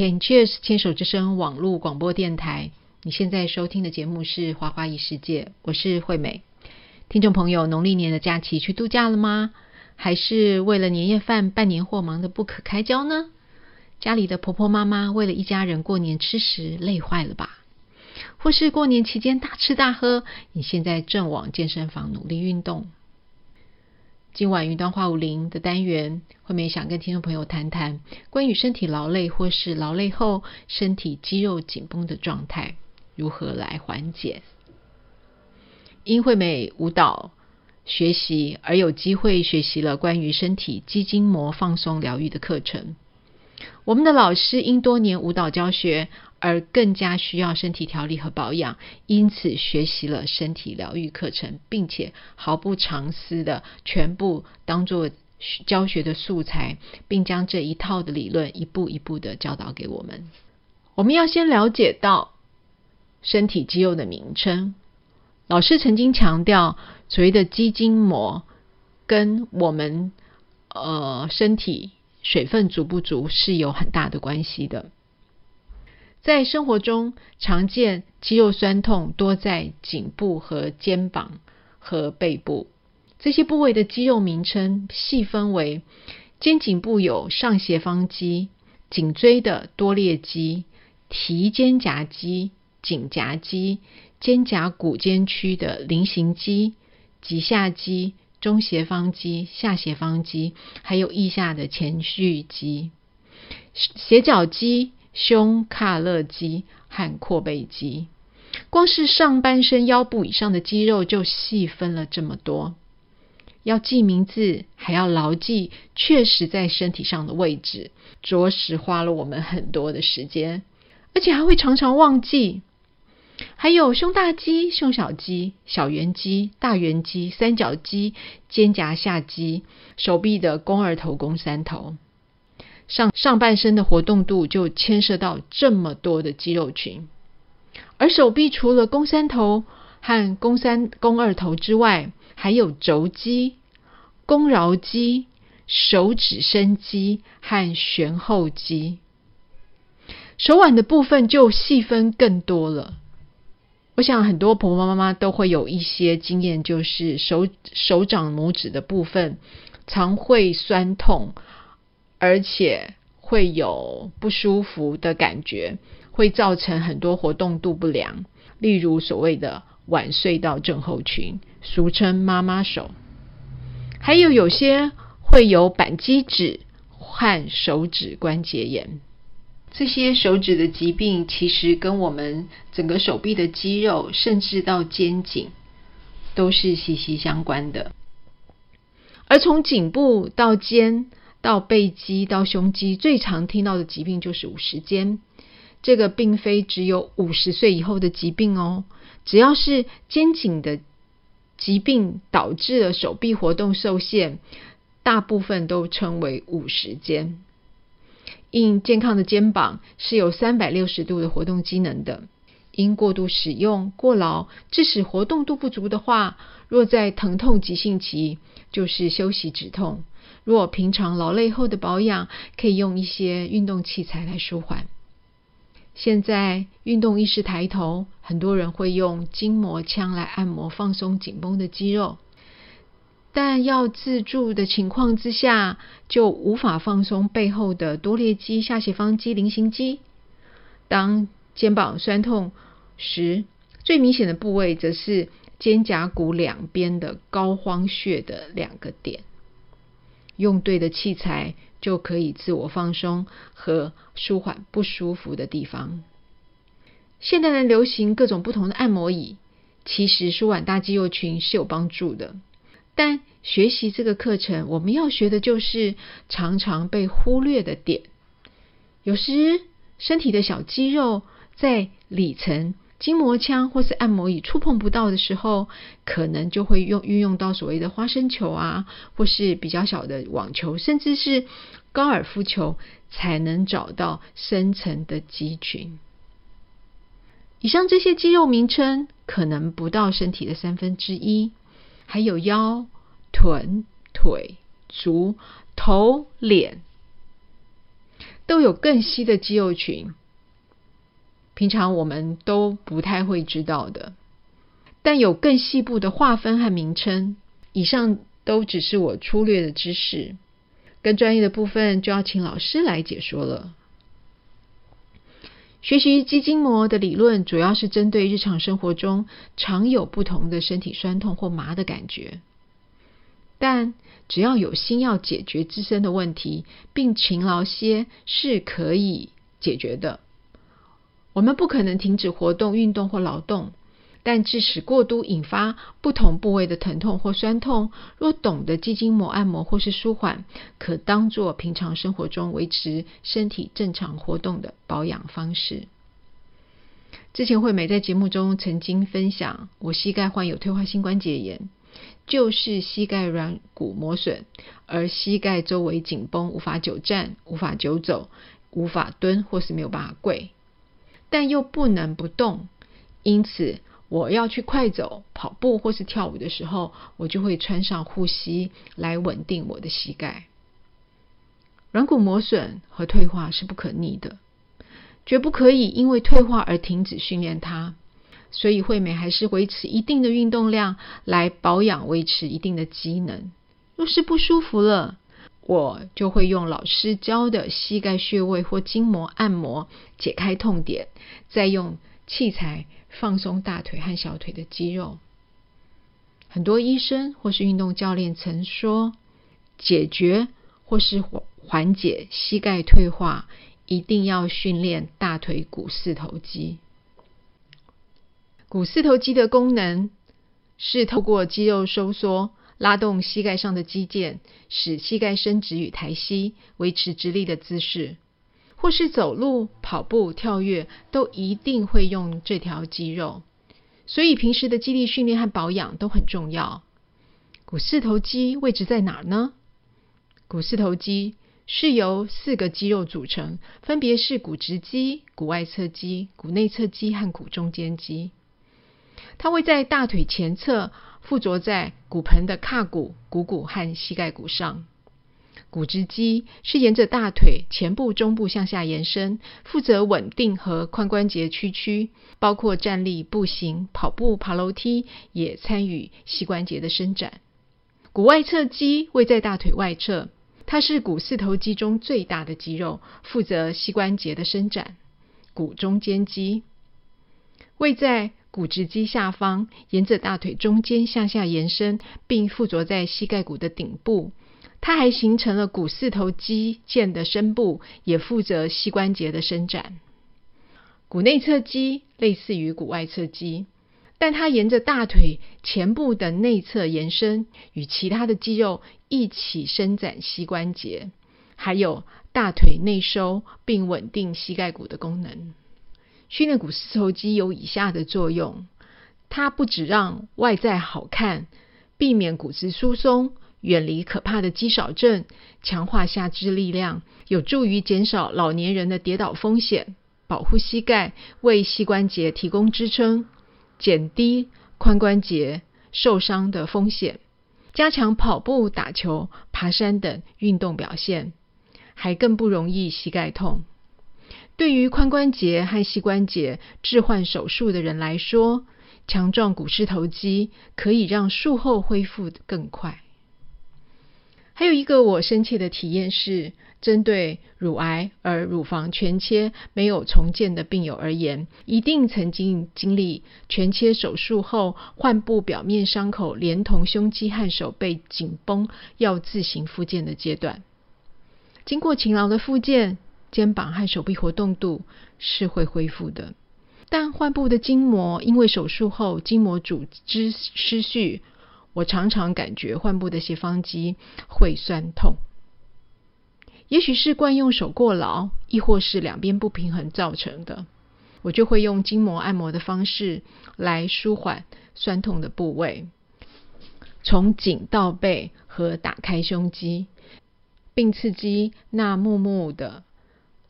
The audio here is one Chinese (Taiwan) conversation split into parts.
And、Cheers！牽手之聲網絡廣播電台，你現在收聽的節目是《花花異世界》，我是惠美。聽眾朋友，農曆年的假期去度假了嗎？還是為了年夜飯辦年貨忙得不可開交呢？家裡的婆婆媽媽為了一家人過年吃食累壞了吧？或是過年期間大吃大喝，你現在正往健身房努力運動？今晚雲端話舞林的單元，惠美想跟聽眾朋友談談關於身體勞累或是勞累後身體肌肉緊繃的狀態如何來緩解。因惠美舞蹈學習而有機會學習了關於身體肌筋膜放鬆療育的課程。我們的老師因多年舞蹈教學，而更加需要身體調理和保養，因此學習了身體療育課程，並且毫不藏私的全部當作教學的素材，並將這一套的理論一步一步的教導給我們。我們要先了解到身體肌肉的名稱。老師曾經強調，所謂的肌筋膜跟我們呃身體水分足不足是有很大的關係的。在生活中，常見肌肉痠痛多在頸部和肩膀和背部這些部位的肌肉名稱細分為：肩頸部有上斜方肌、頸椎的多裂肌、提肩胛肌、頸夾肌、肩胛骨間區的菱形肌、棘下肌、中斜方肌、下斜方肌，還有腋下的前鋸肌、斜角肌。胸、卡勒肌和闊背肌，光是上半身腰部以上的肌肉就細分了這麼多，要記名字還要牢記確實在身體上的位置，着實花了我們很多的時間，而且還會常常忘記。還有胸大肌、胸小肌、小圓肌、大圓肌、三角肌、肩胛下肌、手臂的肱二頭、肱三頭。上上半身的活動度就牽涉到這麼多的肌肉群，而手臂除了肱三頭和肱三肱二頭之外，還有肘肌、肱橈肌、手指伸肌和旋後肌。手腕的部分就細分更多了。我想很多婆婆媽媽都會有一些經驗，就是手手掌拇指的部分常會痠痛。而且會有不舒服的感覺，會造成很多活動度不良，例如所謂的腕隧道症候群，俗稱媽媽手。還有有些會有扳機指和手指關節炎，這些手指的疾病其實跟我們整個手臂的肌肉，甚至到肩頸都是息息相關的。而從頸部到肩，到背肌、到胸肌，最常聽到的疾病就是五十肩。這個並非只有五十歲以後的疾病哦，只要是肩頸的疾病導致了手臂活動受限，大部分都稱為五十肩。因健康的肩膀是有三百六十度的活動機能的，因過度使用、過勞致使活動度不足的話，若在疼痛急性期，就是休息止痛。若平常勞累後的保養，可以用一些運動器材來舒緩。現在運動意識抬頭，很多人會用筋膜槍來按摩放鬆緊繃的肌肉，但要自助的情況之下，就無法放鬆背後的多裂肌、下斜方肌、菱形肌。當肩膀痠痛時，最明顯的部位則是肩胛骨兩邊的膏肓穴的兩個點。用對的器材就可以自我放鬆和舒緩不舒服的地方。現代人流行各種不同的按摩椅，其實舒緩大肌肉群是有幫助的。但學習這個課程，我們要學的就是常常被忽略的點。有時身體的小肌肉在裡層。筋膜槍或是按摩椅觸碰不到的時候，可能就會用運用到所謂的花生球啊，或是比較小的網球，甚至是高爾夫球，才能找到深層的肌群。以上這些肌肉名稱可能不到身體的三分之一，還有腰、臀、腿、足、頭、臉，都有更細的肌肉群。平常我們都不太會知道的，但有更細部的劃分和名稱。以上都只是我粗略的知識，更專業的部分就要請老師來解說了。學習肌筋膜的理論，主要是針對日常生活中常有不同的身體痠痛或麻的感覺。但只要有心要解決自身的問題，並勤勞些，是可以解決的。我們不可能停止活動、運動或勞動，但致使過度引發不同部位的疼痛或酸痛。若懂得肌筋膜按摩或是舒緩，可當作平常生活中維持身體正常活動的保養方式。之前惠美在節目中曾經分享，我膝蓋患有退化性關節炎，就是膝蓋軟骨磨損，而膝蓋周圍緊繃，無法久站、無法久走、無法蹲或是沒有辦法跪。但又不能不動，因此我要去快走、跑步或是跳舞的時候，我就會穿上護膝來穩定我的膝蓋。軟骨磨損和退化是不可逆的，絕不可以因為退化而停止訓練它。所以惠美還是維持一定的運動量來保養、維持一定的機能。若是不舒服了，我就會用老師教的膝蓋穴位或筋膜按摩解開痛點，再用器材放鬆大腿和小腿的肌肉。很多醫生或是運動教練曾說，解決或是緩緩解膝蓋退化，一定要訓練大腿股四頭肌。股四頭肌的功能是透過肌肉收縮。拉動膝蓋上的肌腱，使膝蓋伸直與抬膝，維持直立的姿勢；或是走路、跑步、跳躍，都一定會用這條肌肉。所以平時的肌力訓練和保養都很重要。股四頭肌位置在哪呢？股四頭肌是由四個肌肉組成，分別是股直肌、股外側肌、股內側肌和股中間肌。它會在大腿前側。附着在骨盆的髂骨、股骨和膝蓋骨上。股直肌是沿着大腿前部、中部向下延伸，負責穩定和髖關節屈曲，包括站立、步行、跑步、爬樓梯，也參與膝關節的伸展。股外側肌位在大腿外側，它是股四頭肌中最大的肌肉，負責膝關節的伸展。股中間肌位在。股直肌下方沿着大腿中間向下延伸，並附着在膝蓋骨的頂部。它還形成了股四頭肌腱的深部，也負責膝關節的伸展。股內側肌類似於股外側肌，但它沿着大腿前部的內側延伸，與其他的肌肉一起伸展膝關節，還有大腿內收並穩定膝蓋骨的功能。訓練股四頭肌有以下的作用：它不只讓外在好看，避免骨質疏鬆，遠離可怕的肌少症，強化下肢力量，有助於減少老年人的跌倒風險，保護膝蓋，為膝關節提供支撐，減低髖關節受傷的風險，加強跑步、打球、爬山等運動表現，還更不容易膝蓋痛。對於髖關節和膝關節置換手術的人來說，強壯股四頭肌可以讓術後恢復更快。還有一個我深切的體驗是，針對乳癌而乳房全切沒有重建的病友而言，一定曾經經歷全切手術後，患部表面傷口連同胸肌和手背緊繃，要自行復健的階段。經過勤勞的復健。肩膀和手臂活動度是會恢復的，但患部的筋膜因為手術後筋膜組織失序，我常常感覺患部的斜方肌會酸痛，也許是慣用手過勞，亦或是兩邊不平衡造成的。我就會用筋膜按摩的方式來舒緩酸痛的部位，從頸到背和打開胸肌，並刺激那木木的。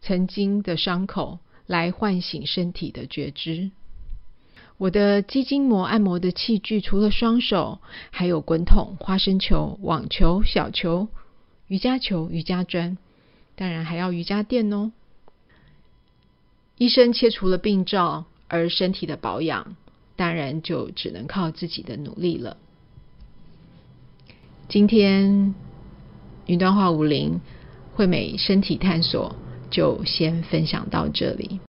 曾經的傷口來喚醒身體的覺知。我的肌筋膜按摩的器具除了雙手，還有滾筒、花生球、網球、小球、瑜伽球、瑜伽磚，當然還要瑜伽墊哦。醫生切除了病灶，而身體的保養當然就只能靠自己的努力了。今天，雲端話舞林惠美身體探索。就先分享到這裡。